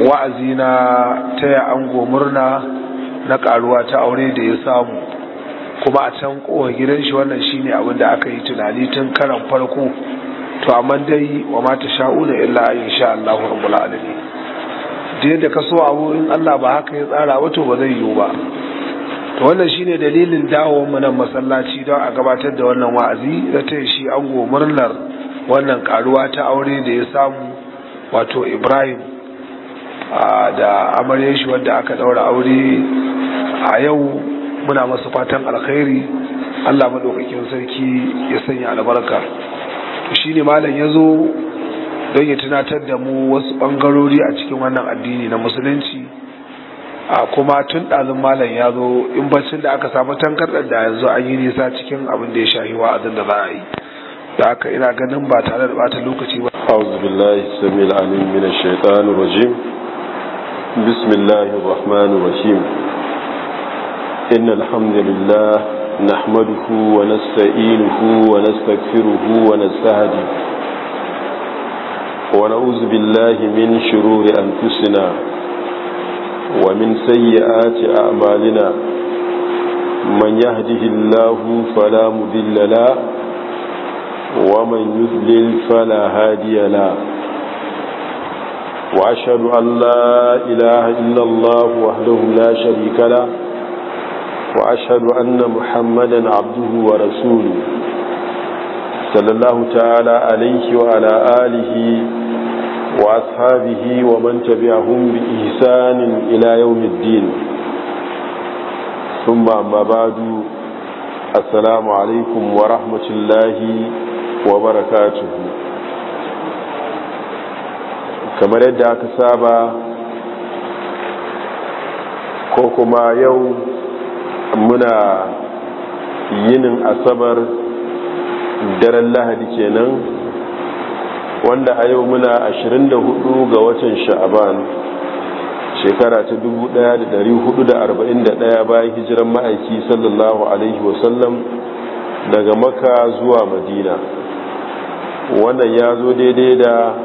wa'azi na taya ango murna na karuwa ta aure da ya samu kuma a can kowa gidan shi wannan shine abin da aka yi tunani tun karan farko to amma dai wa mata ta sha'una illa insha Allah rabbul alamin da yadda ka so abu in Allah ba haka ya tsara wato ba zai yiwu ba to wannan shine dalilin dawowar mu nan masallaci don a gabatar da wannan wa'azi da ta shi ango murnar wannan karuwa ta aure da ya samu wato Ibrahim da amaryar shi wadda aka daura aure a yau muna masu fatan alkhairi Allah madaukakin sarki ya sanya albarka ne malam ya zo don ya tunatar da mu wasu bangarori a cikin wannan addini na musulunci a kuma tun ɗazin malam ya zo in bacin da aka samu tankar da yanzu an yi nisa cikin abin da ya shahi wa azin da za a yi da aka ina ganin ba tare da bata lokaci ba a'udhu billahi samil بسم الله الرحمن الرحيم إن الحمد لله نحمده ونستئينه ونستكفره ونستهدي ونعوذ بالله من شرور أنفسنا ومن سيئات أعمالنا من يهده الله فلا مذل لا ومن يذلل فلا هادي لا وأشهد أن لا إله إلا الله وحده لا شريك له وأشهد أن محمدا عبده ورسوله صلى الله تعالى عليه وعلى آله وأصحابه ومن تبعهم بإحسان إلى يوم الدين ثم أما بعد السلام عليكم ورحمة الله وبركاته kamar yadda aka saba ko kuma yau muna yinin asabar daren lahadi kenan wanda a yau muna 24 ga watan sha'aban shekara ta 1441 bayan hijiran ma'aiki sallallahu alaihi wasallam daga maka zuwa madina wannan ya zo daidai da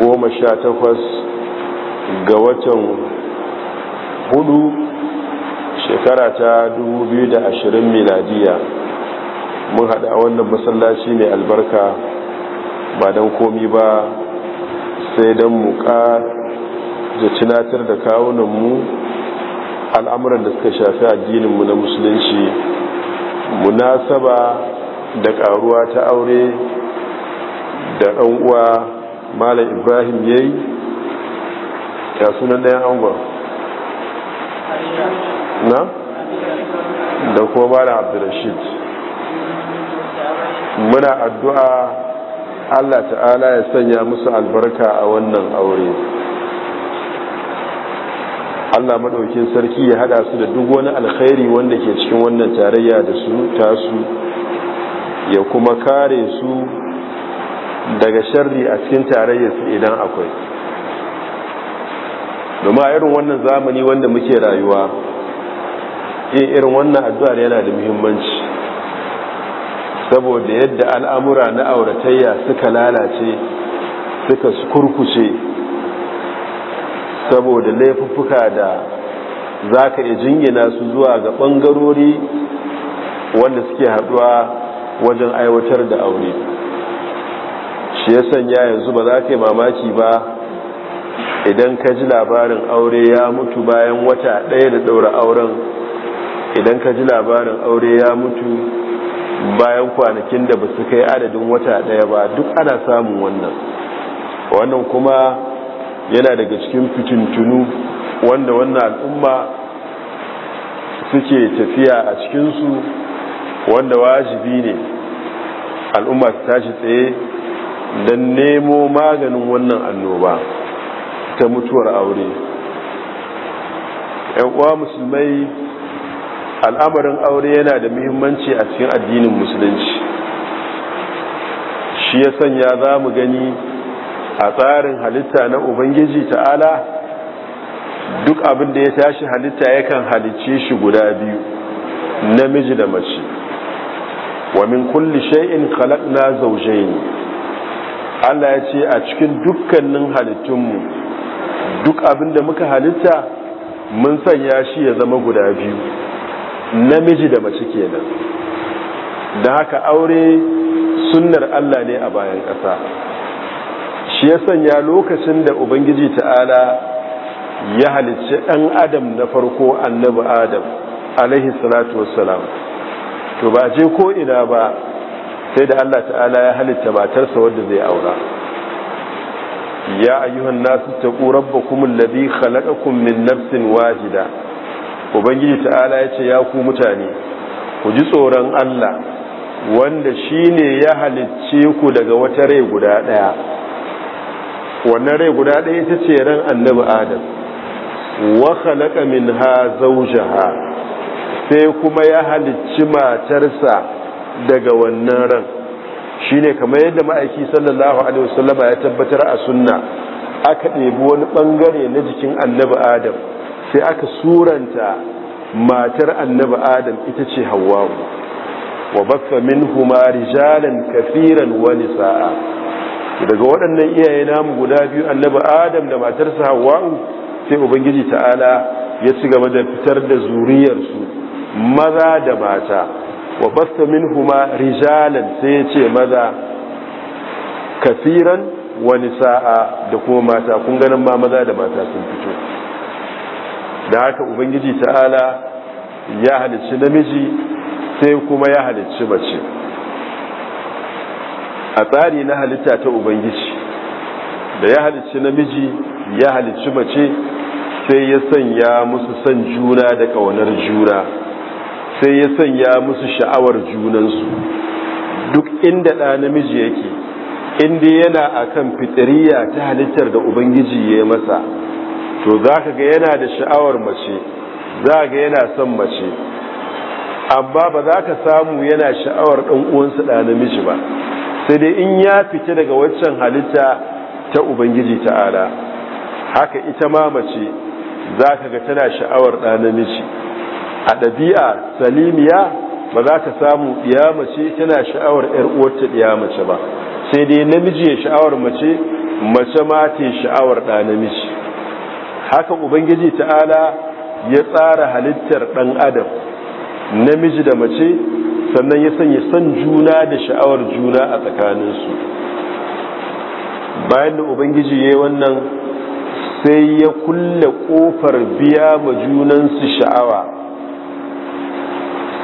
goma sha takwas ga watan hudu shekara ta da 2020 miladiya mun haɗa wannan masallaci mai albarka ba don komi ba sai don muka da tunatar da kawunanmu al'amuran da suka shafi addininmu na musulunci munasaba da ƙaruwa ta aure da ɗan'uwa malam ibrahim ya yi ya sunan ɗayan angon na da kuma malam abdurrashid muna addu'a allah ta'ala ya sanya musu albarka a wannan aure allah maɗaukin sarki ya haɗa su da duk wani alkhairi wanda ke cikin wannan tarayya da su tasu ya kuma kare su daga sharri a cikin tarayyarsu idan akwai domin a irin wannan zamani wanda muke rayuwa yin irin wannan addu'ar yana da muhimmanci saboda yadda al'amura na auratayya suka lalace suka kurkuce saboda laifuffuka da za ka iya jingina su zuwa ga ɓangarori wanda suke haɗuwa wajen aiwatar da aure shi ya sanya yanzu ba za ka yi mamaki ba idan ka ji labarin aure ya mutu bayan wata ɗaya da ɗaura auren idan ka ji labarin aure ya mutu bayan kwanakin da ba su kai adadin wata ɗaya ba duk ana samun wannan wannan kuma yana daga cikin fitintunu wanda wannan al'umma suke tafiya a cikinsu wanda wajibi ne al'umma su tashi tsaye Dan nemo maganin wannan annoba ta mutuwar aure uwa musulmai al'amarin aure yana da muhimmanci a cikin addinin musulunci shi ya sanya za mu gani a tsarin halitta na ubangiji ta'ala duk abin da ya tashi halitta yakan halicce shi guda biyu namiji da mace wa min kulli shay'in khalaqna zawjayn Allah ya ce a cikin dukkanin halittunmu duk abin da muka halitta mun sanya shi ya zama guda biyu namiji da mace kenan da haka aure sunnar Allah ne a bayan ƙasa shi ya sanya lokacin da ubangiji ta'ala ya halicci ɗan adam na farko annabi adam alaihi salatu salam to ba je ko ina ba sai da Allah ta'ala ya halitta matarsa wadda zai aura ya ayyuhan nasu taqu rabbakum alladhi khalaqakum min nafsin wahida ubangiji ta'ala ya ce ya ku mutane ku ji tsoron Allah wanda shi ne ya halicce ku daga wata rai guda daya wannan rai guda ɗaya ita ce ran annabi adam wa khalaqa minha zawjaha sai kuma ya halicci matarsa daga wannan ran shi ne kamar yadda ma'aiki sallallahu alaihi wasallam ya tabbatar a sunna aka ɗebi wani ɓangare na jikin annabi adam sai aka suranta matar annabi adam ita ce hawwa wa baffa humari rijalan kafiran wani sa'a. daga waɗannan iyaye namu guda biyu annabi adam da matarsa hawwa sai ubangiji ta'ala ya ci gaba da fitar da zuriyarsu maza da mata wa basta huma rijalan sai ya ce maza kafiran wani sa'a da kuma mata kun ganin ma maza da mata sun fito da haka ubangiji ta'ala ya halicci namiji sai kuma ya halicci mace a tsari na halitta ta ubangiji da ya halicci namiji ya halicci mace sai ya sanya musu san juna da ƙaunar juna sai ya sanya musu sha'awar junansu duk inda ɗa namiji yake inda yana akan fitiriya ta halittar da ubangiji ya yi masa to za ga yana da sha'awar mace za ga yana son mace amma ba za ka samu yana sha'awar uwansa ɗa namiji ba sai dai in ya fita daga waccan halitta ta ubangiji ta'ala haka ita ma mace za ka ga tana sha'awar ɗa namiji a ɗabi'a salimiya ba za ka samu ɗiya mace tana sha'awar 'yar uwarta ɗiya mace ba sai dai namiji ya sha'awar mace mace ma ta sha'awar ɗa namiji haka ubangiji ta'ala ya tsara halittar ɗan adam namiji da mace sannan ya sanya son juna da sha'awar juna a tsakaninsu bayan da ubangiji ya yi wannan sai ya kulle ƙofar biya ma junansu sha'awa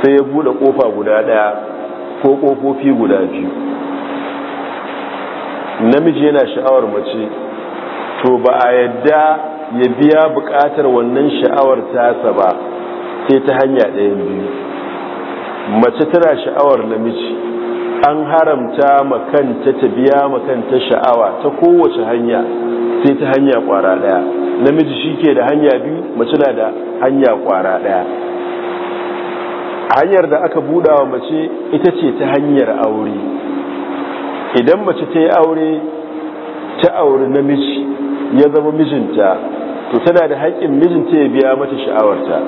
sai ya bude kofa guda daya ko kofofi guda biyu namiji yana sha'awar mace to ba a yadda ya biya bukatar wannan sha'awar tasa ba sai ta hanya ɗayan biyu mace tana sha'awar namiji an haramta makanta ta biya makanta sha'awa ta kowace hanya sai ta hanya kwara daya namiji shi ke da hanya biyu mace na da hanya kwara daya hanyar da aka buɗa wa mace ita ce ta hanyar aure idan mace ta yi aure ta auri namiji ya zama mijinta to tana da haƙƙin mijinta ya biya mata sha'awarta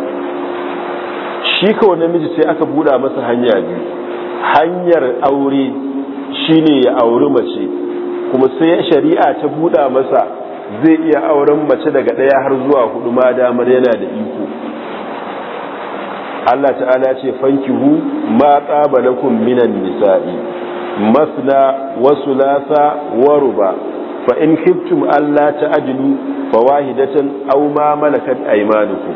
shi kawai namiji sai aka buɗa masa hanya biyu hanyar aure shine ya auri mace kuma sai shari'a ta buɗa masa zai iya auren mace daga ɗaya har zuwa hudu ma damar yana da iko Allah ta'ala ya ce fankihu ma tsaba minan nisa'i masna wa sulasa wa ruba fa in khiftum alla ta'dilu wahidatan aw ma malakat aymanukum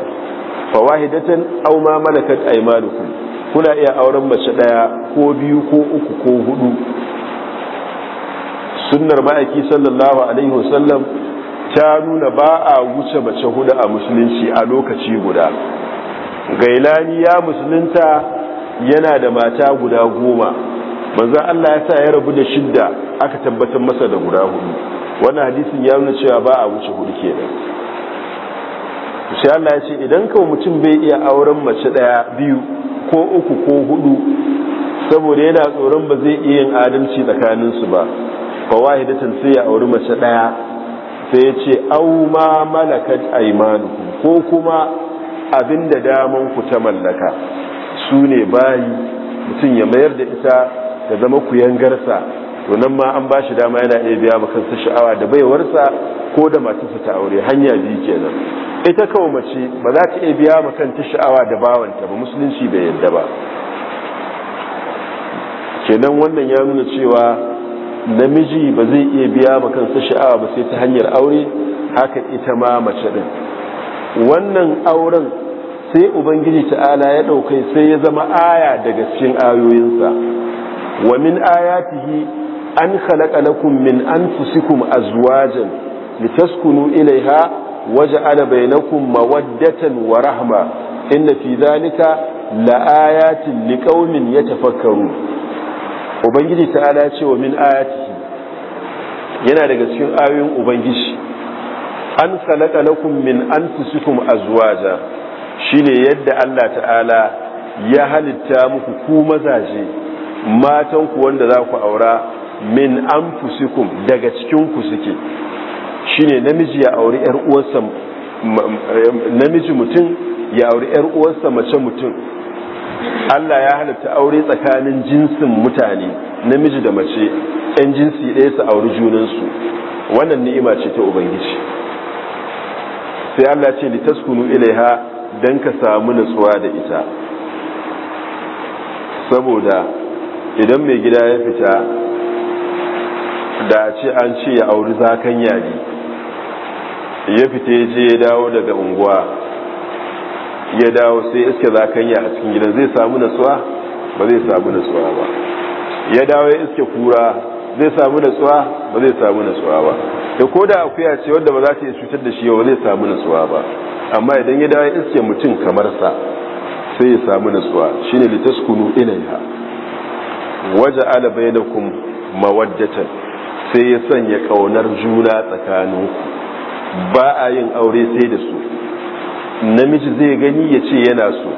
wahidatan aw ma malakat aymanukum kuna iya auren mace daya ko biyu ko uku ko hudu sunnar ma'aiki sallallahu alaihi wasallam ta nuna ba a wuce mace hudu a musulunci a lokaci guda gailani ya musulunta yana da mata guda goma manzan Allah ya sa ya rabu da shidda aka tabbatar masa da guda hudu wannan hadisin ya nuna cewa ba a wuce hudu kenan sai Allah ya ce idan kawai mutum bai iya auren mace daya biyu ko uku ko hudu saboda yana tsoron ba zai iya yin adalci tsakaninsu ba fa wahidatan sai ya auri mace daya sai ya ce au ma malakat aymanukum ko kuma abin da daman ku ta mallaka su ne bayi mutum ya mayar da ita da zama kuyangarsa to nan ma an ba shi dama yana iya biya kansa sha'awa da baiwarsa ko da matarsa ta aure hanya biyu kenan ita kawai mace ba za ta iya biya kanta sha'awa da bawanta ba musulunci bai yadda ba kenan wannan ya nuna cewa namiji ba zai iya biya kansa sha'awa ba sai ta hanyar aure haka ita ma mace din wannan auren sai ubangiji ta'ala ya ɗaukai sai ya zama aya daga cikin ayoyinsa wa min ayatihi an khalaqa lakum min anfusikum azwajan litaskunu ilaiha waja'ala bainakum mawaddatan wa rahma inna fi dhalika laayatin liqaumin yatafakkaru ubangiji ta'ala ya ce wa min ayatihi yana daga cikin ayoyin ubangiji an khalaqa lakum min anfusikum azwaja shine yadda Allah ta'ala ya halitta muku ku mazaje matanku wanda za ku aura min anfusikum daga cikinku ku suke shine namiji ya auri yar namiji mutum ya auri yar uwarsa mace mutum Allah ya halitta aure tsakanin jinsin mutane namiji da mace yan jinsi ɗaya su auri junansu wannan ni'ima ce ta ubangiji sai Allah ce litaskunu ilaiha dan ka samu nutsuwa da ita saboda idan mai gida ya fita da ce an ce ya auri zakan yaji ya fita je ya dawo daga unguwa ya dawo sai iske zakan ya a cikin gidan zai samu nutsuwa ba zai samu nutsuwa ba ya dawo ya iske kura zai samu natsuwa ba zai samu natsuwa ba da ko da akuya ce wadda ba za ta yi cutar da shi ba zai samu natsuwa ba amma idan ya dawo iske mutum kamar sa sai ya samu natsuwa shine litaskunu ilaiha waja'ala bainakum mawaddatan sai ya sanya kaunar juna tsakaninku ba a yin aure sai da su namiji zai gani ya ce yana so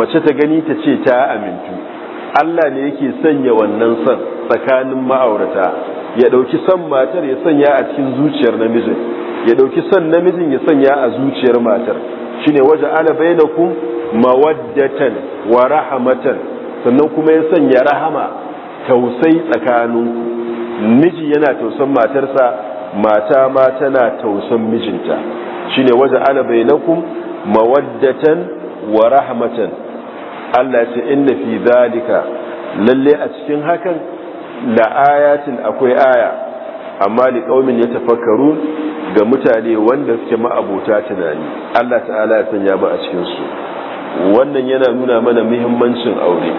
mace ta gani ta ce ta amintu Allah ne yake sanya wannan san tsakanin ma'aurata ya dauki son matar ya sanya a cikin zuciyar namijin ya dauki son namijin ya sanya a zuciyar matar shine waje ala bainakum mawaddatan wa rahmatan sannan kuma ya sanya rahama tausai tsakanin miji yana tausan matarsa mata ma tana tausan mijinta shine waje ala bainakum mawaddatan wa rahmatan Allah ce inna fi zalika lalle a cikin hakan la ayatin akwai aya amma li qaumin yatafakkaru ga mutane wanda suke ma'abota tunani Allah ta'ala ya sanya ba a cikin su wannan yana nuna mana muhimmancin aure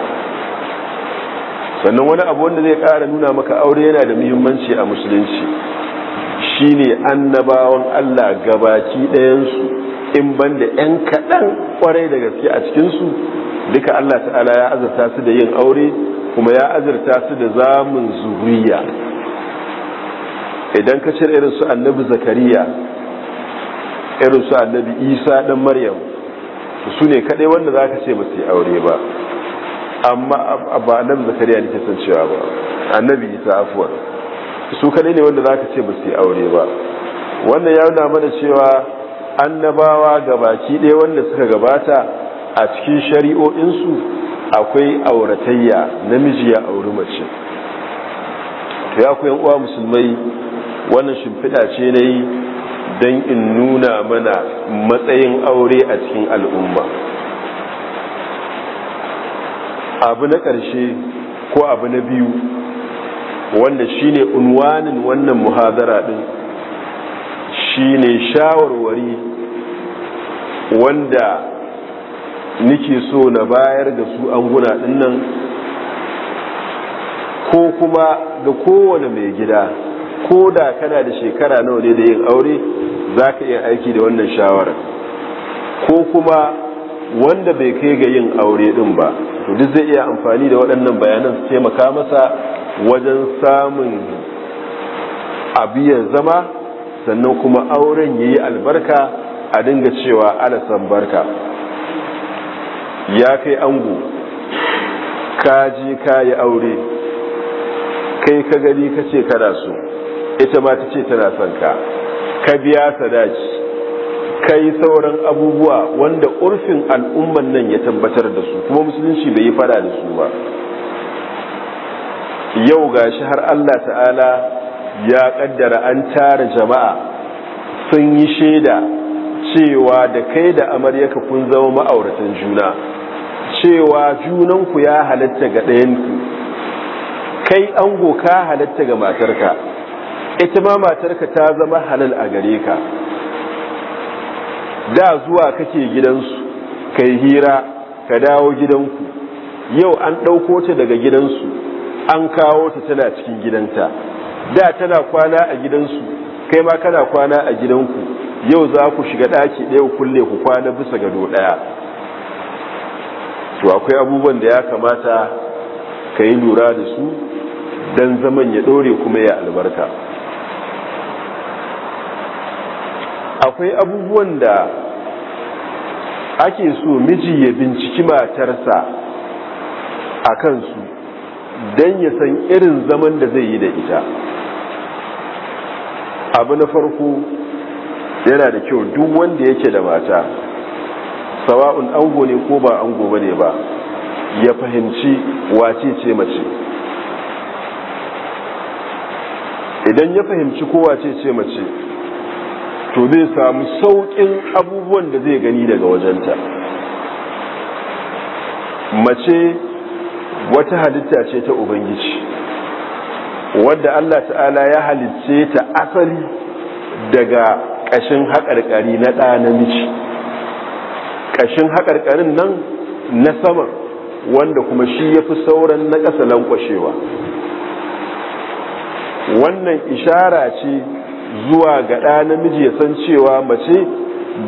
sannan wani abu wanda zai ƙara nuna maka aure yana da muhimmanci a musulunci shine annabawan Allah gabaki su in banda 'yan kaɗan ƙwarai da gaske a cikinsu duka Allah ta'ala ya azurta su da yin aure kuma ya azurta su da zamun zuriya idan ka cire irin su annabi zakariya irin su annabi isa dan maryam su ne kadai wanda za ka ce ba su yi aure ba amma ba annabi zakariya ne ke san cewa ba annabi isa afuwar su kadai ne wanda za ka ce ba su yi aure ba wannan ya nuna mana cewa annabawa gabaki ɗaya wanda suka gabata a cikin shari'o'insu akwai auratayya namiji ya auri mace to ya ku yan uwa musulmai wannan shimfiɗa ce na yi don in nuna mana matsayin aure a cikin al'umma abu na ƙarshe ko abu na biyu wanda shine unwanin wannan muhadara din shine shawarwari wanda nike so na bayar ga su anguna dinnan ko kuma ga kowane mai gida ko da kana da shekara nawa ne da yin aure za ka iya aiki da wannan shawarar ko kuma wanda bai kai ga yin aure din ba to duk zai iya amfani da waɗannan bayanan su taimaka masa wajen samun abiyar zama sannan kuma auren ya yi albarka a dinga cewa alasan barka ya kai ango ka kayi ka aure kai ka gani ka ce kana so ita ma ta ce tana son ka ka biya sadaki kai sauran abubuwa wanda urfin al'umman nan ya tabbatar da su kuma musulunci bai yi faɗa da su ba yau ga shi har allah ta'ala ya kaddara an tara jama'a sun yi shaida cewa da kai da amaryaka kun zama ma'auratan juna cewa junanku ya halatta ga ɗayanku kai ango ka halatta ga matarka ita ma matarka ta zama halal a gare ka da zuwa kake gidansu kai hira ka dawo gidanku yau an ɗauko ta daga gidansu an kawo ta tana cikin gidanta da tana kwana a gidansu kai ma kana kwana a gidanku yau za ku shiga ɗaki ɗaya kulle ku kwana bisa gado ɗaya to akwai abubuwan da ya kamata ka yi lura da su don zaman ya ɗore kuma ya albarka akwai abubuwan da ake so miji ya binciki matarsa a kansu don ya san irin zaman da zai yi da ita abu na farko yana da kyau duk wanda yake da mata sawa'un ango ne ko ba ango bane ba ya fahimci wace ce mace idan ya fahimci ko wace ce mace to zai samu sauƙin abubuwan da zai gani daga wajenta mace wata halitta ce ta ubangiji wadda Allah ta'ala ya halicce ta asali daga ƙashin haƙarƙari na ɗa namiji ƙashin haƙarƙarin nan na saman wanda kuma shi ya fi sauran na ƙasa lankwashewa wannan ishara ce zuwa ga ɗa namiji ya san cewa mace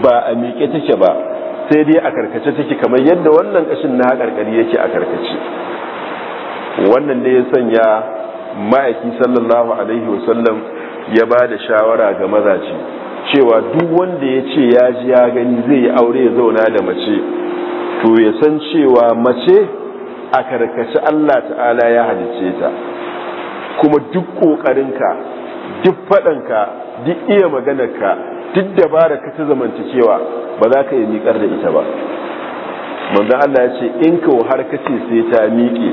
ba a miƙe take ba sai dai a karkace take kamar yadda wannan ƙashin na haƙarƙari yake a karkace wannan da ya sanya ma'aiki sallallahu alaihi wasallam ya ba da shawara ga mazaje cewa duk wanda ya ce ya ji ya gani zai yi aure ya zauna da mace to ya san cewa mace a karkaci Allah ta'ala ya halice ta kuma duk ƙoƙarinka duk faɗanka duk iya maganarka duk dabara ka ta cewa ba za ka yi miƙar da ita ba manzan Allah ya ce in ka har ka ce sai ta miƙe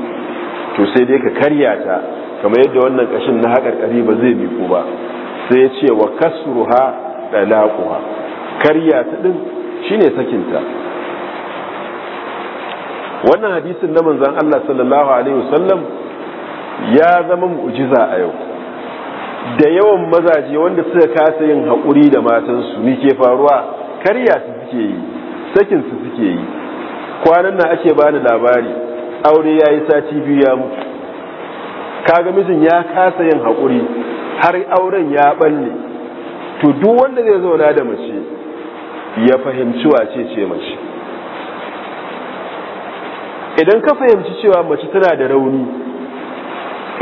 to sai dai ka karya ta kamar yadda wannan ƙashin na haƙarƙari ba zai miƙo ba sai ya ce wa kasruha talaquha karya ta din shine sakinta wannan hadisin na manzon Allah sallallahu alaihi wasallam ya zama mu'jiza a yau da yawan mazaje wanda suka kasa yin hakuri da matansu ni ke faruwa karya su suke yi sakin su suke yi kwanan nan ake bani labari aure yayi sati biyu ya mutu kaga mijin ya kasa yin haƙuri har auren ya balle to duk wanda zai zauna da mace ya fahimci wace ce mace idan ka fahimci cewa mace tana da rauni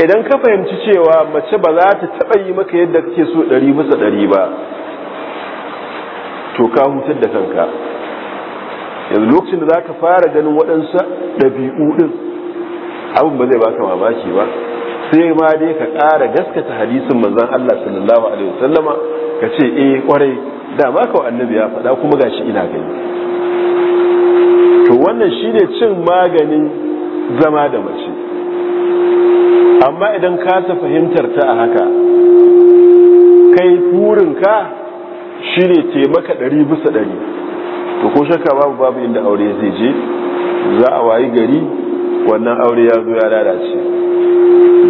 idan ka fahimci cewa mace ba za ta taba yi maka yadda kake so ɗari bisa ɗari ba to ka hutar da kanka yanzu lokacin da za ka fara ganin waɗansu ɗabi'u ɗin abin ba zai baka mamaki ba sai ma dai ka ƙara gaskata hadisin manzon Allah sallallahu alaihi wasallama ka ce e kwarai da ma ka annabi ya faɗa kuma gashi ina gani to wannan shine cin maganin zama da mace amma idan ka ta fahimtar ta a haka kai ka shine taimaka ɗari bisa ɗari to ko shakka babu babu inda aure zai je za a wayi gari wannan aure ya zo ya lalace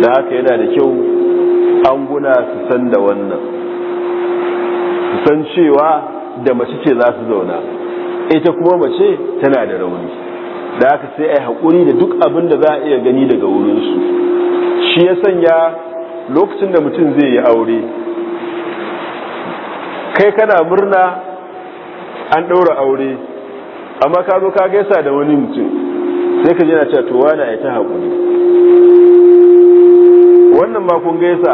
da haka yana da kyau an guna su san da wannan san cewa da mace ce za su zauna ita kuma mace tana da rauni da aka sai a yi haƙuri da duk abin da za a iya gani daga wurinsu shi ya sanya lokacin da mutum zai yi aure kai kana murna an ɗaura aure amma ka zo ka gaisa da wani mutum sai ka jina cewa na ya ta haƙuri wannan makon gaisa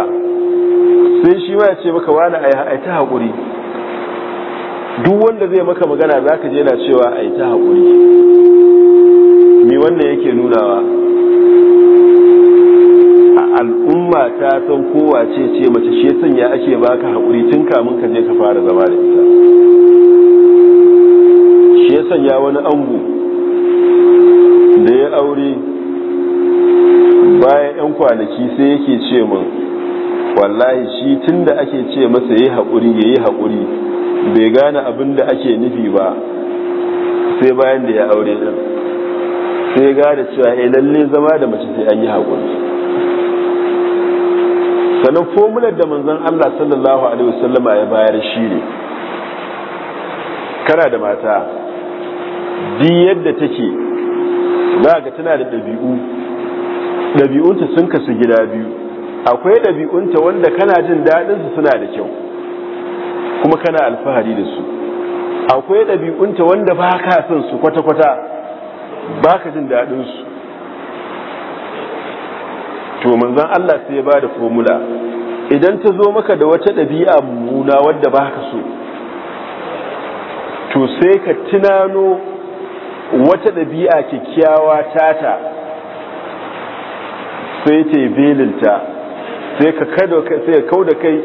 sai shi ma ya ce maka wani a ta haƙuri duk wanda zai maka magana za ka je cewa a yi ta haƙuri me wannan yake nunawa a al'umma ta san kowa ce ce mace shi sanya ake baka haƙuri tun kamun ka je ka fara zama da ita shi ya sanya wani ango da ya aure bayan 'yan kwanaki sai yake ce min wallahi shi tun da ake ce masa ya yi haƙuri ya yi haƙuri bai gane abin da ake nufi ba sai bayan da ya aure din sai gane cewa ya eh, lalle zama da mace sai an yi haƙuri sannan fomular da manzan Allah sallallahu alaihi wasallama ya bayar shi ne kana da mata di yadda take za ga tana da ɗabi'u ɗabi'unta sun kasu gida biyu akwai ɗabi'unta wanda kana jin daɗinsu suna da kyau kuma kana alfahari da su akwai ɗabi'unta wanda ba ka son su kwata-kwata ba ka jin su. to manzan Allah sai ya ba da formula idan ta zo maka da wata ɗabi'a mummuna wadda ba ka so to sai ka tunano wata ɗabi'a kyakkyawa tata sai ta yi belinta sai ka kauda kai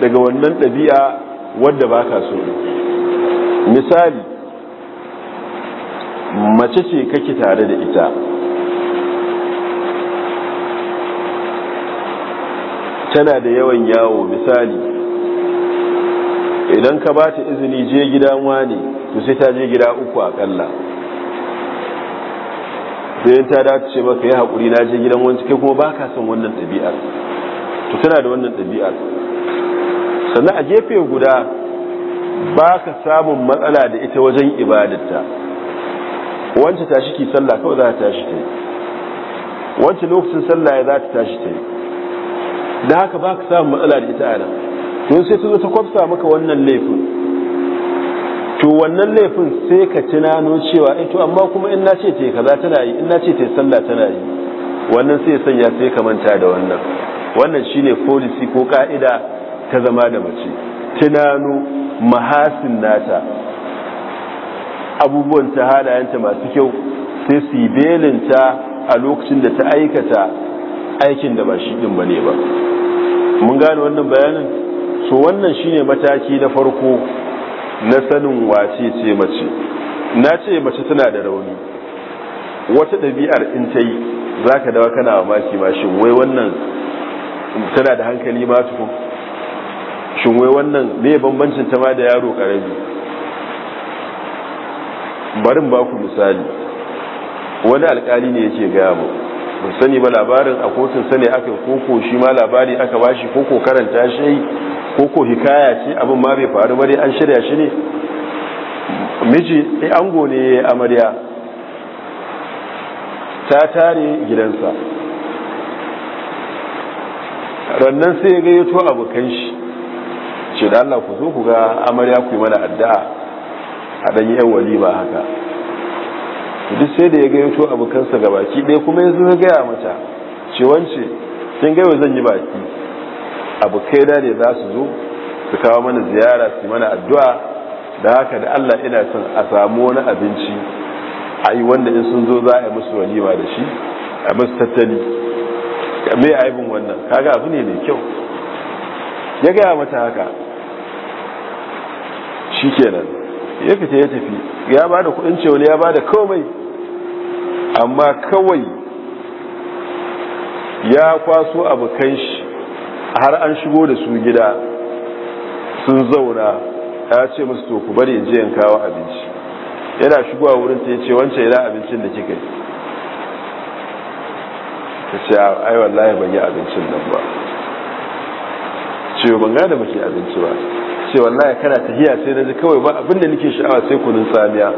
daga wannan ɗabi'a wadda ba ka so misali mace ce kake tare da ita tana da yawan yawo misali idan ka ba ta izini je gida wani to sai ta je gida uku akalla sai ta dace maka ya haƙuri na je gidan wancan kai kuma ba ka son wannan ɗabi'ar to tana da wannan ɗabi'ar sannan a jefe guda ba ka samun matsala da ita wajen ibadarta wancan tashi ki sallah kawai za ta tashi ta yi wancan lokacin sallah ya za ta tashi ta yi da haka ba ka samun matsala da ita ana tun don sai ta zo ta kwafsa maka wannan laifin to wannan laifin sai ka tunano cewa ito, eh, amma kuma in na ce ta yi kaza tana yi in na ce ta yi sallah tana yi wannan sai ya sanya sai ka manta da wannan wannan shine policy ko ka'ida ta zama da mace tunano mahasin nata abubuwan ta halayenta masu kyau sai su yi belinta a lokacin da ta aikata aikin da ba shi ɗin ba ne ba mun gane wannan bayanin so wannan shine mataki na farko na sanin wace ce mace na ce mace tana da rauni wata ɗabi'ar in ta yi za ka dawa kana wa maki mashi wai wannan tana da hankali ma tukun shin wai wannan ne bambancin ta ma da yaro karami barin ba ku misali wani alkali ne yake gaya mu ba sani ba labarin a kotun sani aka koko shi ma labari aka bashi koko karanta shi koko hikaya ce abin ma bai faru bari an shirya shi ne miji ɗai eh, ango ne amarya ta tare gidansa rannan sai ya gayyato abokan shi ce da Allah ku zo ku ga amarya ku yi mana addu'a a dan yan ba haka duk sai da ya ga yato abokansa ga baki ɗaya kuma yanzu ya gaya mata ce wance kin gaiwa zan yi baki abokai da ne za su zo su kawo mana ziyara su mana addu'a da haka da Allah ina son a samu wani abinci a yi wanda in sun zo za a yi musu walima da shi a musu tattali mai aibin wannan kaga abu ne mai kyau ya gaya mata haka shi shikenan ya fita ya tafi ya ba da kudin cewa ya ba da komai amma kawai ya kwaso abokan shi har an shigo da su gida sun zauna ya ce musu toku bari in je kawo abinci yana shigowa wurin ta ce wancan yana abincin da kika yi ta ce ai ban yi abincin nan ba ce ban gane muke abinci ba ce wallahi kana tahiya sai na ji kawai ba abinda nake sha'awa sai kunun saniya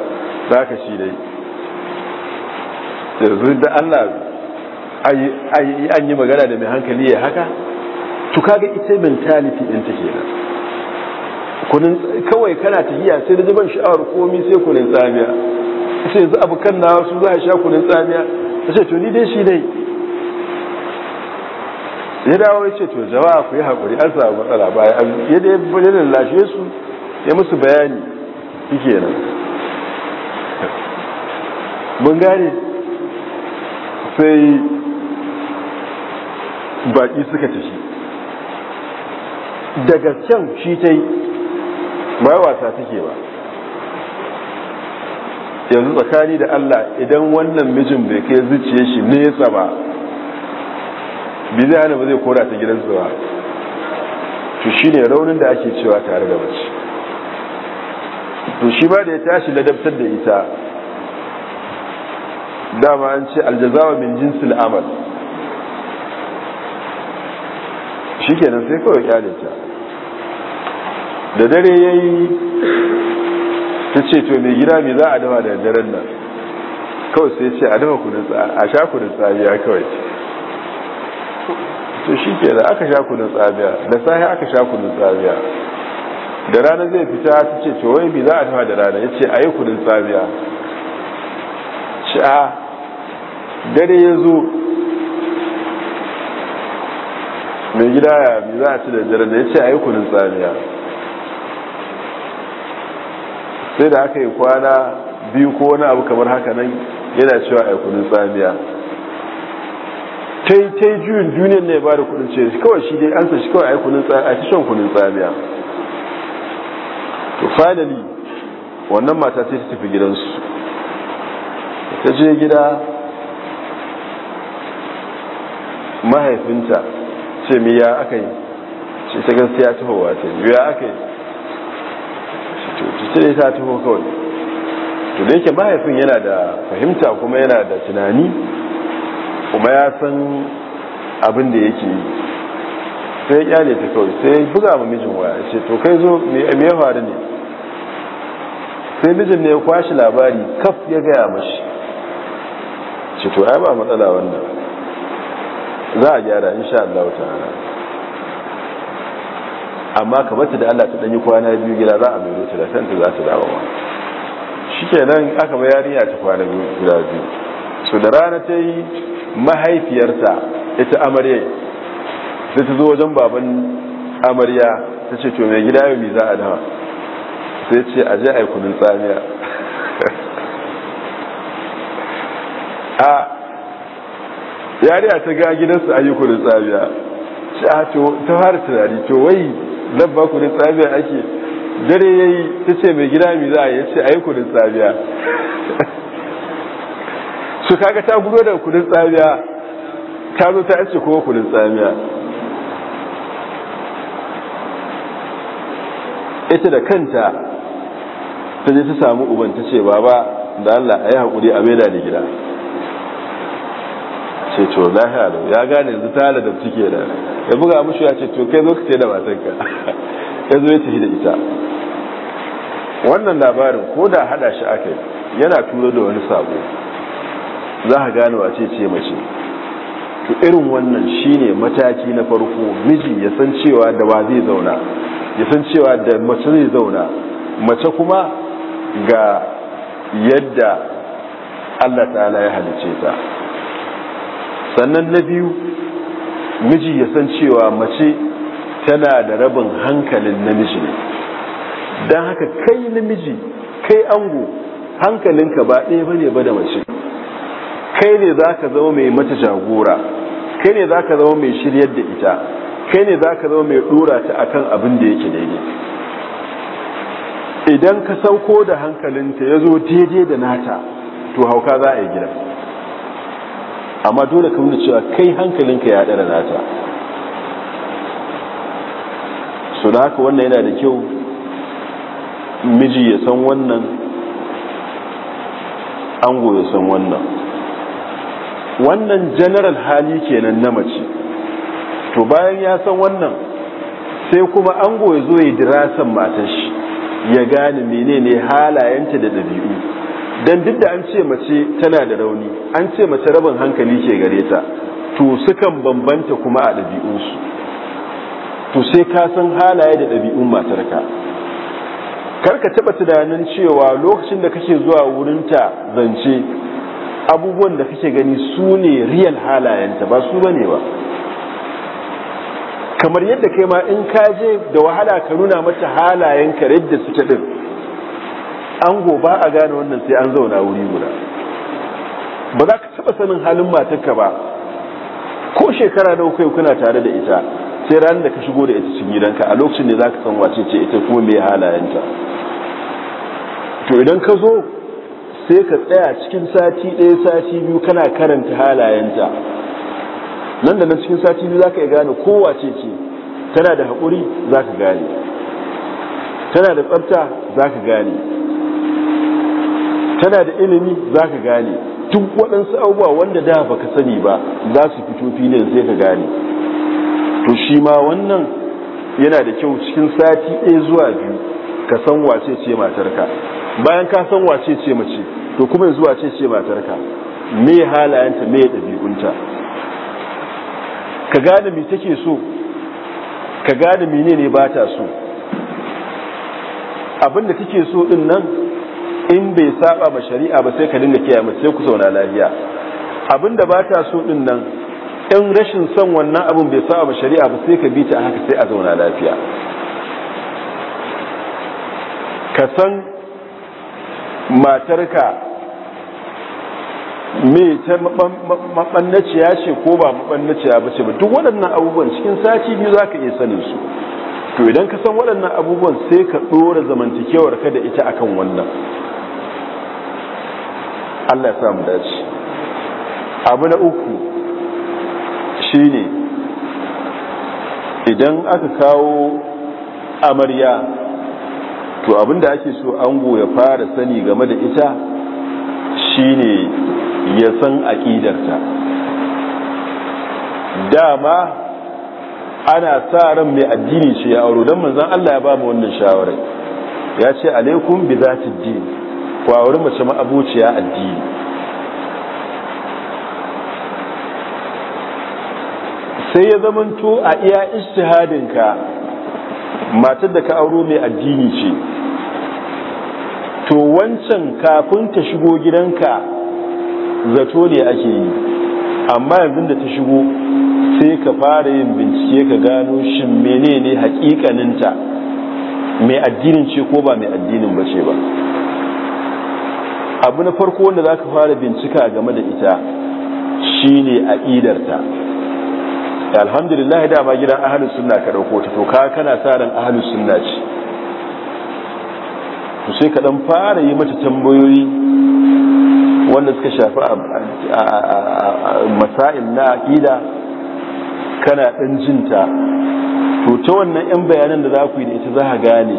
za ka shi dai yanzu da allah an yi magana da mai hankali ya haka to kaga ita mentality din ta kenan kunun kawai kana tahiya sai na ji ban sha'awar komi sai kunun saniya sai yanzu kan na su za a sha kunun saniya sai to ni dai shi dai ya dawo ya ce to jama'a ku yi haƙuri an samu matsala baya an yadda ya lafiye su ya musu bayani yake nan mun gane sai baƙi suka tafi daga can shi ta yi ba wasa take ba yanzu tsakani da allah idan wannan mijin bai kai zuciya shi nesa ba bi hana ba zai kora ta gidan zuwa. to shi ne raunin da ake cewa tare da mace to shi ba da ya tashi ladabtar da ita dama an ce aljazawa min jinsil amal shi kenan sai kawai kyale ta da dare ya yi ta ce to mai gida mai za a dawa da daren nan kawai sai ce a dawa kudin a sha kudin tsariya kawai shi ke da aka sha kunun tsabiya da sahi aka sha kunun tsabiya da rana zai fita ta ce to wai bi za a tafa da rana ya ce a yi kunun tsabiya ci a dare ya zo mai gida ya bi za a ci da dare ya ce a yi kunun tsabiya sai da aka yi kwana biyu ko wani abu kamar haka nan yana cewa a yi kunun tsabiya tai tai juyin duniyar ne ba bada kudin ce kawai shi dai an sa shi kawai a kudin tsamiya a ci kudin kunin tsamiya to finally wannan mata sai ta tafi gidansu ta je gida mahaifinta ce mi ya aka yi ce ta gaskiya tahowa ta yi ya aka yi ce ta ta taho kawai to da yake mahaifin yana da fahimta kuma yana da tunani Kuma ya san abin da yake yi sai ya kyale ta kawai sai ya buga ma mijin waya ce to kai zo me ya faru ne sai mijin ne ya kwashi labari kaf ya gaya mashi ce to ya ba matsala wannan za a gyara insha Allah ta'ala amma kamar ta da Allah ta ɗanyi kwana biyu gida za a mai ta da kanta za ta dawo nan aka bayani ya ta kwana biyu gida biyu so da rana ta yi mahaifiyarta ita amarya sai ta zo wajen baban amarya ta ce to mai gida yau za a dama sai ce a je a yi kudin tsamiya a yariya ta ga gidansu a yi kudin tsamiya ta fara tunani to wai zan ba kudin tsamiya ake dare ya yi ta ce mai gida mi za a yi ce a yi kudin tsamiya su kaga ta gudo daga kudin tsamiya ta zo ta iske kuma kudin tsamiya ita da kanta ta je ta samu uban ta ce baba da Allah a yi hakuri a maida da gida ce to lahiya ya gane yanzu ta da cike da ya buga mushi ya ce to kai zo ka ce da matanka ya zo ya tafi da ita wannan labarin ko da hada shi aka yana turo da wani sabo za ka gane wace ce mace to irin wannan shine mataki na farko miji ya san cewa da wa zai zauna ya san cewa da mace zai zauna mace kuma ga yadda Allah ta'ala ya halice ta sannan na biyu miji ya san cewa mace tana da rabin hankalin namiji ne don haka kai namiji kai ango hankalinka ba ɗaya bane ba da mace kai ne za ka zama mai mata jagora kai ne za ka zama mai shiryar da ita kai ne za ka zama mai dora ta kan abin da yake daidai idan ka sauko da hankalinta ya zo daidai da nata to hauka za a yi gida amma dole ka nuna cewa kai hankalinka ya ɗara nata su da haka wannan yana da kyau miji ya san wannan ango ya san wannan wannan general hali kenan na mace to bayan ya san wannan sai kuma an ya zo ya dirasan matan shi ya gane menene halayenta da dabi'u dan duk da an ce mace tana da rauni an ce mace rabin hankali ke gare ta to sukan bambanta kuma a dabi'unsu to sai ka san halaye da dabi'un matarka karka taɓa tunanin cewa lokacin da kake zuwa wurinta zance abubuwan da kake gani su ne riyal halayenta ba su bane ba kamar yadda kai ma in ka je da wahala ka nuna mata halayenka yadda suke din an goba a gane wannan sai an zauna wuri guda ba za ka taba sanin halin matarka ba ko shekara da kai kuna tare da ita sai ranar da ka shigo da ita cikin gidanka a lokacin ne za ka san wace ce ita kuma mai halayenta to idan ka zo sai ka tsaya cikin sati ɗaya sati biyu kana karanta halayenta nan da nan cikin sati biyu za ka gane kowace ce tana da haƙuri za ka gane tana da tsafta za ka gane tana da ilimi za ka gane tun waɗansu abubuwa wanda da baka sani ba za su fito filin sai ka gane to shi ma wannan yana da kyau cikin sati ɗaya zuwa biyu ka san wace ce matarka bayan ka san wace ce mace to kuma yanzu wace ce matarka me halayenta me dabi'unta ka gane me take so ka gane menene ba ta so abin da take so din nan in bai saba ba shari'a ba sai ka dinga kiyaye mace sai ku zauna lafiya Abin da ba ta so din nan in rashin son wannan abin bai saba ba shari'a ba sai ka bi ta haka sai a zauna lafiya ka san matarka me ta mabannaciya ce ko ba mabannaciya ba ce ba duk waɗannan abubuwan cikin sati biyu za ka iya sanin su to idan ka san waɗannan abubuwan sai ka ɗora zamantakewar ka da ita akan wannan allah ya mu dace abu na uku shine idan aka kawo amarya to abin da ake so ango ya fara sani game da ita shine ya san aƙidarta dama ana sa ran mai addini shi ya auro dan manzon Allah ya ba mu wannan shawarar ya ce alaikum bi za din ku auri mace abuciya addini sai ya zamanto a iya istihadinka matar da ka auro mai addini ce to wancan kafin ta shigo gidanka zato ne ake yi amma yanzu da ta shigo sai ka fara yin bincike ka gano shin menene hakikaninta mai addinin ce ko ba mai addinin ba ce ba abu na farko wanda za ka fara bincika game da ita shine idarta alhamdulillah dama gidan ahalus sunna ka dauko ta to ka kana sa ran ahalus sunna ce to sai ka dan fara yi mata tambayoyi wanda suka shafi a masail na aqida kana dan jinta to ta wannan yan bayanan da za ku yi da ita za ka gane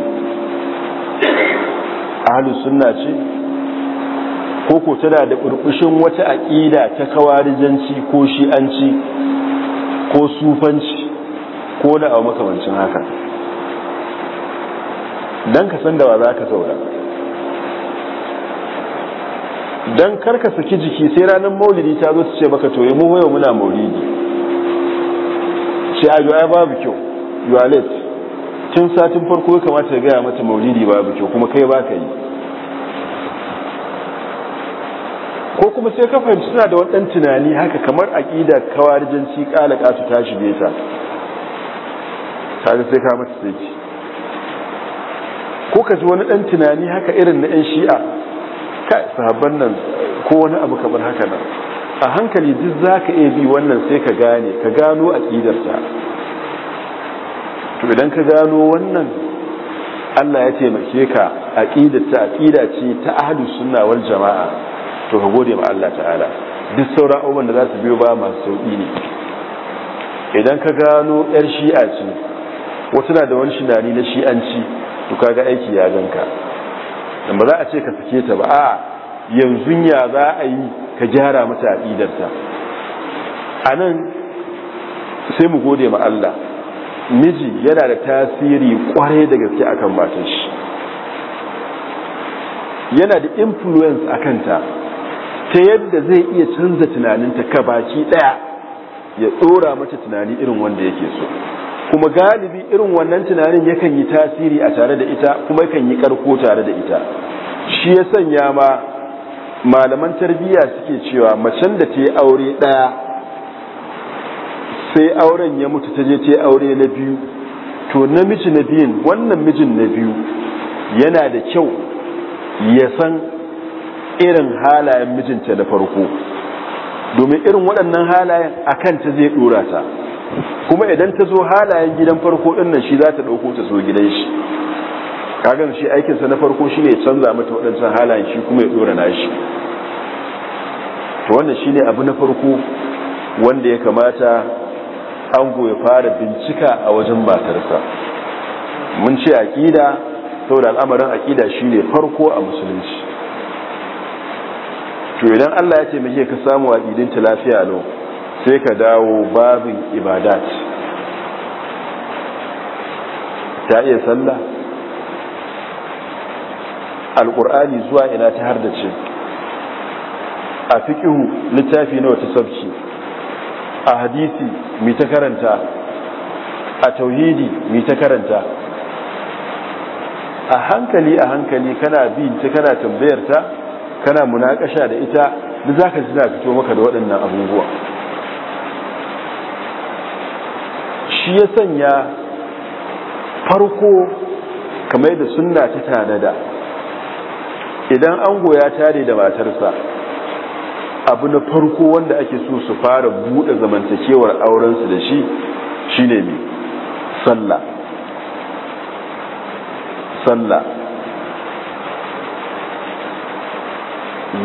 ahalus sunna ce ko ko tana da kurkushin wata aqida ta kawarijanci ko shi'anci ko sufanci ko da abu makamancin haka don ka san da ba za ka saura don karka saki jiki sai ranar maulidi ta zo su ce maka to mu yau muna maulidi ce a yi babu kyau you alet tun satin farko ya kamata ya gaya mata maulidi babu kyau kuma kai ba ka yi ko kuma sai ka fahimci suna da wadan tunani haka kamar aqida kawarjanci ƙala ƙasa ta shige ta kaga sai ka mata sai ko ka ji wani ɗan tunani haka irin na yan shi'a ka sahabban nan ko wani abu kamar haka nan a hankali duk zaka iya bi wannan sai ka gane ka gano aqidar ta to idan ka gano wannan Allah ya taimake ka aqidar ta aqida ce ta ahlus sunna wal jamaa to ka gode ma Allah ta'ala duk sauran abubuwan da za su biyo ba masu sauƙi ne idan ka gano yar shi'a ce wasu na da wani shinari na shi'anci to ka ga aiki ya ganka dan ba za a ce ka sake ta ba a yanzu ya za a yi ka gyara mata A anan sai mu gode ma Allah miji yana da tasiri kwarai da gaske akan matan shi yana da influence kanta. ta yadda zai iya canza tunaninta ka baki daya ya tsora mata tunani irin wanda yake so kuma galibi irin wannan tunanin yakan yi tasiri a tare da ita kuma yakan yi karko tare da ita shi ya sanya ma malaman tarbiyya suke cewa macen da ta yi aure daya sai auren ya mutu ta je ta yi aure na biyu to namiji na biyun wannan mijin na biyu yana da kyau ya san irin halayen mijinta da farko domin irin waɗannan halayen a kanta zai ɗora ta kuma idan ta zo halayen gidan farko ɗinnan shi za ta ɗauko ta zo gidan shi kagan shi aikinsa na farko shi ne canza mata waɗancan halayen shi kuma ya ɗora na shi to wannan shi ne abu na farko wanda ya kamata an ya fara bincika a wajen batarsa mun ce aƙida saboda al'amarin aƙida shi ne farko a musulunci to idan Allah ya ce muke ka samu aqidin ta lafiya lo sai ka dawo babin ibadat ta iya sallah alqur'ani zuwa ina ta har da ce a fiqhu littafi nawa ta sabki a hadisi mi ta karanta a tauhidi mi ta karanta a hankali a hankali kana bi ta kana tambayar ta kana munakasha da ita duk zaka ji na fito maka da waɗannan abubuwa shi ya sanya farko kamar da sunna ta tanada idan an goya tare da matarsa abu na farko wanda ake so su fara buɗe zamantakewar aurensu da shi shine mai sallah sallah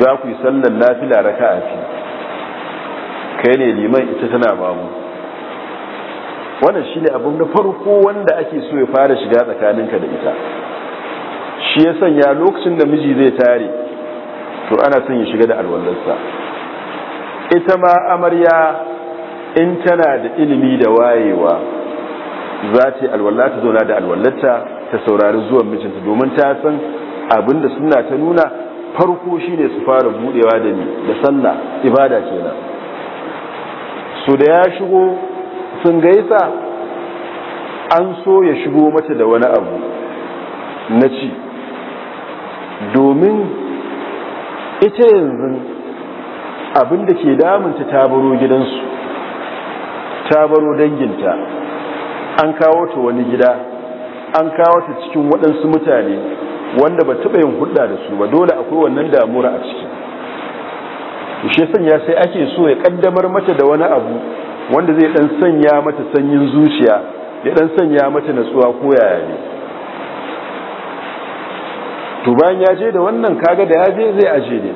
za ku yi sallar nafila raka a ce kai ne liman ita tana babu. wannan shi ne abin da farko wanda ake so ya fara shiga tsakaninka da ita shi ya sanya lokacin da miji zai tare to ana son ya shiga da alwallarsa ita ma amarya in tana da ilimi da wayewa za ta yi alwallata ta zauna da alwallata ta saurari zuwan mijinta domin ta san abinda suna ta nuna farko shi ne su fara budewa da ni da sallah ibada kenan su da ya shigo sun gaisa an so ya shigo mata da wani abu na ci domin ita yanzu abinda ke damun ta baro gidansu tabaro danginta an kawo ta wani gida an kawo ta cikin waɗansu mutane wanda ba taɓa yin hulɗa da su ba dole akwai wannan damuwar a ciki shi sanya sai ake so ya kaddamar mata da wani abu wanda zai dan sanya mata sanyin zuciya ya dan sanya mata natsuwa ko yaya ne to bayan ya je da wannan kaga da ya je zai aje ne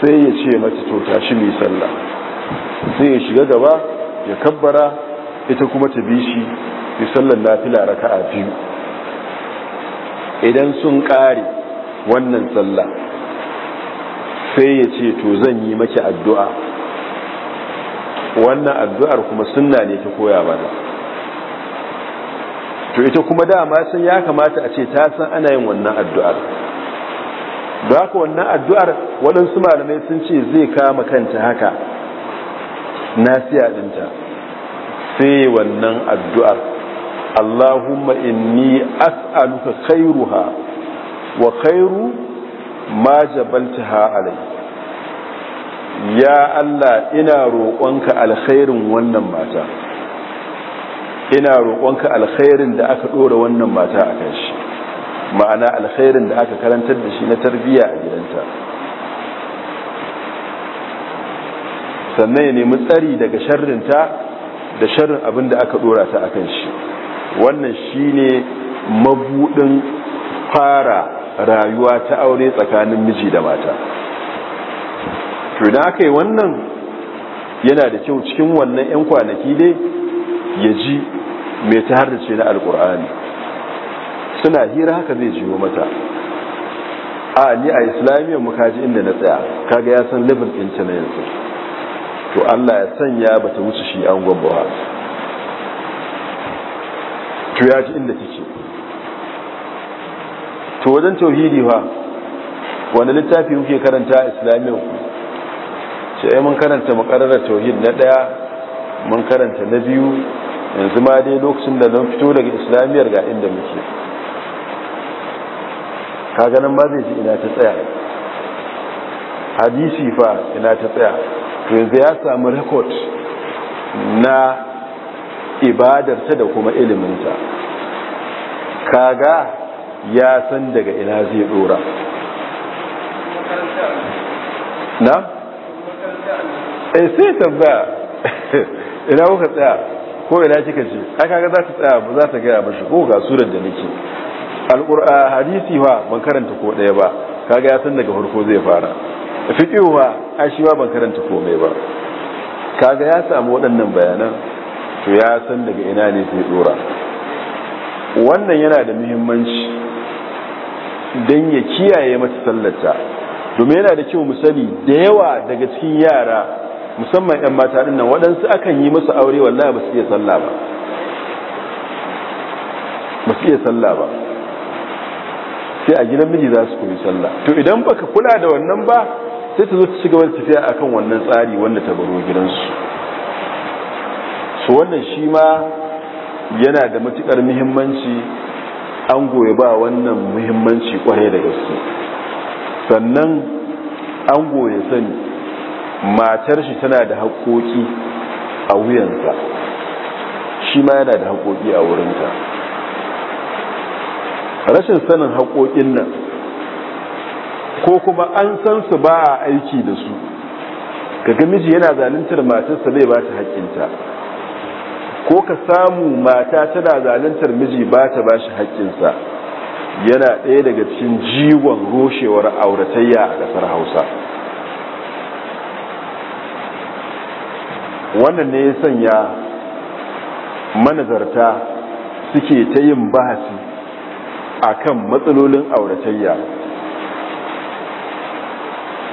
sai ya ce mata to tashi mai sallah sai ya shiga gaba ya kabbara ita kuma ta bi shi bi sallar nafila raka'a biyu idan sun kare wannan sallah sai ya ce to zan yi maki addu'a wannan addu'ar kuma sunna ne ta koya da to ita kuma dama sun ya kamata a ce ta san ana yin wannan addu'ar da haka wannan addu'ar waɗansu malamai sun ce zai kama kanta haka nasiya ɗinta sai wannan addu'ar Allahumma inni as'aluka khairuha wa khairu ma jabaltaha alai ya Allah ina roƙonka alkhairin wannan mata ina roƙonka alkhairin da aka dora wannan mata akan shi ma'ana alkhairin da aka karantar da shi na tarbiyya a gidanta sannan ya nemi tsari daga sharrinta da sharrin abin da aka dora ta akan shi wannan shine mabuɗin fara rayuwa ta aure tsakanin miji da mata to idan aka yi wannan yana da kyau cikin wannan 'yan kwanaki dai ya ji mai ta hardace na alkur'ani suna hira haka zai jiwo mata a ni a islamiyyar makaji inda na tsaya kaga ya san libin ɗin na yanzu to allah ya sanya bata wuce shi an gwabbawa to ya ji inda kike to wajen tauhidi fa wani littafi kuke karanta a islamiyya ku sai mun karanta makarar tauhid na daya mun karanta na biyu yanzu ma dai lokacin da zan fito daga islamiyyar ga inda muke Ka ganin ba zai ji ina ta tsaya hadisi fa ina ta tsaya yanzu ya samu rekod na ibadarsa da kuma iliminsa kaga ya san daga ina zai dora na? ai eh, sai tambaya ina kuka tsaya ko ina kika ce a kaga za ta tsaya ba za ta gaya shi ko ga surar da nake alƙur'a hadisi wa ban karanta ko ɗaya ba kaga ya san daga farko zai fara fiƙiwa a shi ban karanta komai ba kaga ya samu waɗannan bayanan to ya san daga ina ne zai dora wannan yana da muhimmanci don ya kiyaye mata sallata domin yana da kyau misali da yawa daga cikin yara musamman 'yan mata nan waɗansu akan yi masu aure wallahi ba su iya sallah ba ba su iya sallah ba sai a gidan miji za su koyi sallah to idan baka kula da wannan ba sai ta zo ta shiga wani tafiya akan wannan tsari wanda ta baro gidansu to wannan shi ma yana da matukar muhimmanci an goyi ba wannan muhimmanci kwarai da gaske sannan an goye sani matar shi tana da haƙoƙi a wuyansa shi ma yana da haƙoƙi a wurinta rashin sanin haƙoƙin nan ko kuma an san su ba a aiki da su kaga miji yana zaluntar matarsa zai ba ta haƙƙinta ko ka samu mata tana zaluntar miji ba ta ba shi haƙƙinsa yana ɗaya daga cikin jiwon roshewar auratayya a ƙasar hausa wannan ne ya sanya manazarta suke ta yin bahasi a kan matsalolin auratayya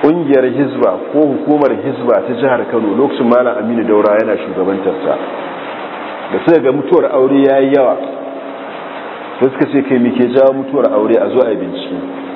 ƙungiyar hizba ko hukumar hizba ta jihar kano lokacin malam aminu daura yana shugabantarsa da sai ga mutuwar aure yayi yawa sai suka ce kai muke jawo mutuwar aure a zo zuwa bincike